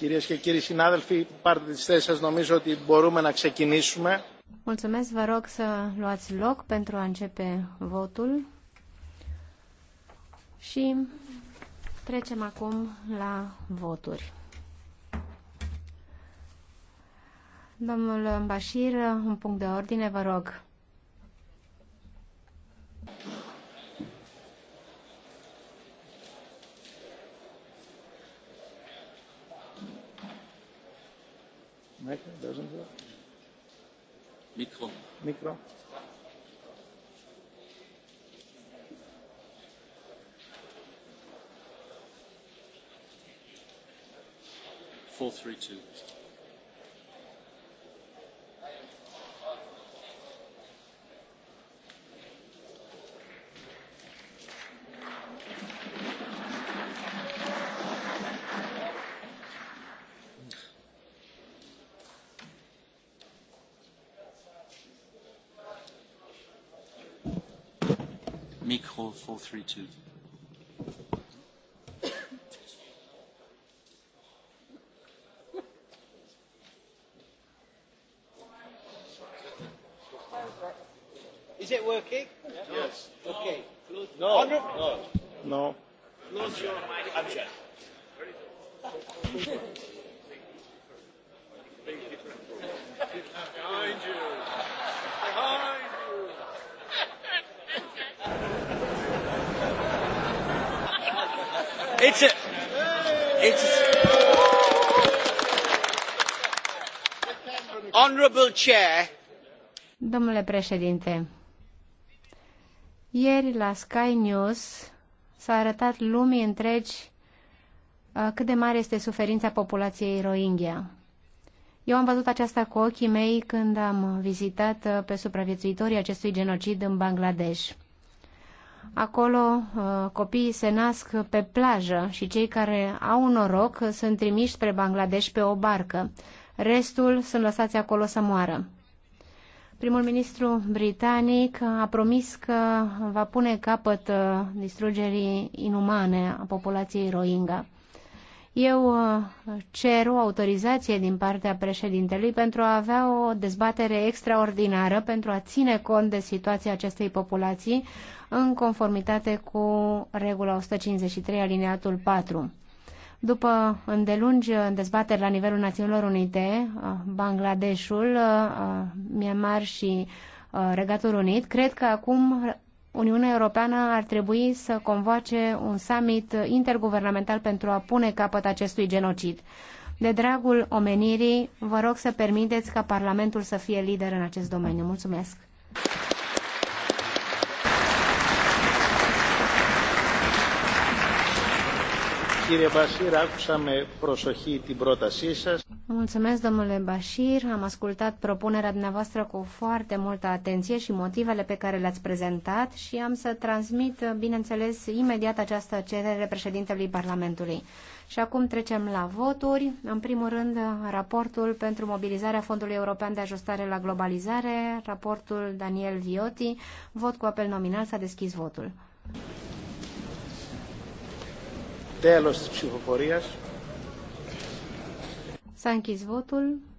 Κυρίες και κύριοι συνάδελφοι, πάρτε τις θέσεις σας. Νομίζω ότι μπορούμε να ξεκινήσουμε. Mulțumesc, vă rog să luați loc pentru a începe votul. Și trecem acum la voturi. Domnul Bashir, un punct de ordine, vă rog. Micro. Micro. Four, three, two. Micro 432. Is it working? Yes. Okay. No. No. It's a, it's honorable chair. Domnule președinte, ieri la Sky News s-a arătat lumii întregi uh, cât de mare este suferința populației Rohingya. Eu am văzut aceasta cu ochii mei când am vizitat uh, pe supraviețuitorii acestui genocid în Bangladesh. Acolo uh, copiii se nasc pe plajă și cei care au noroc sunt trimiși spre Bangladesh pe o barcă. Restul sunt lăsați acolo să moară. Primul ministru britanic a promis că va pune capăt uh, distrugerii inumane a populației Rohingya. Eu uh, cer o autorizație din partea președintelui pentru a avea o dezbatere extraordinară pentru a ține cont de situația acestei populații în conformitate cu regula 153 alineatul 4. După îndelungi uh, dezbateri la nivelul Națiunilor Unite, uh, Bangladeshul, Myanmar și Regatul Unit, cred că acum Uniunea Europeană ar trebui să convoace un summit interguvernamental pentru a pune capăt acestui genocid. De dragul omenirii, vă rog să permiteți ca Parlamentul să fie lider în acest domeniu. Mulțumesc! Mulțumesc, domnule Bashir. Am ascultat propunerea dumneavoastră cu foarte multă atenție și motivele pe care le-ați prezentat și am să transmit, bineînțeles, imediat această cerere președintelui Parlamentului. Și acum trecem la voturi. În primul rând, raportul pentru mobilizarea Fondului European de Ajustare la Globalizare, raportul Daniel Vioti. Vot cu apel nominal s-a deschis votul. Τέλος της ψηφοφορίας. S-a închis votul.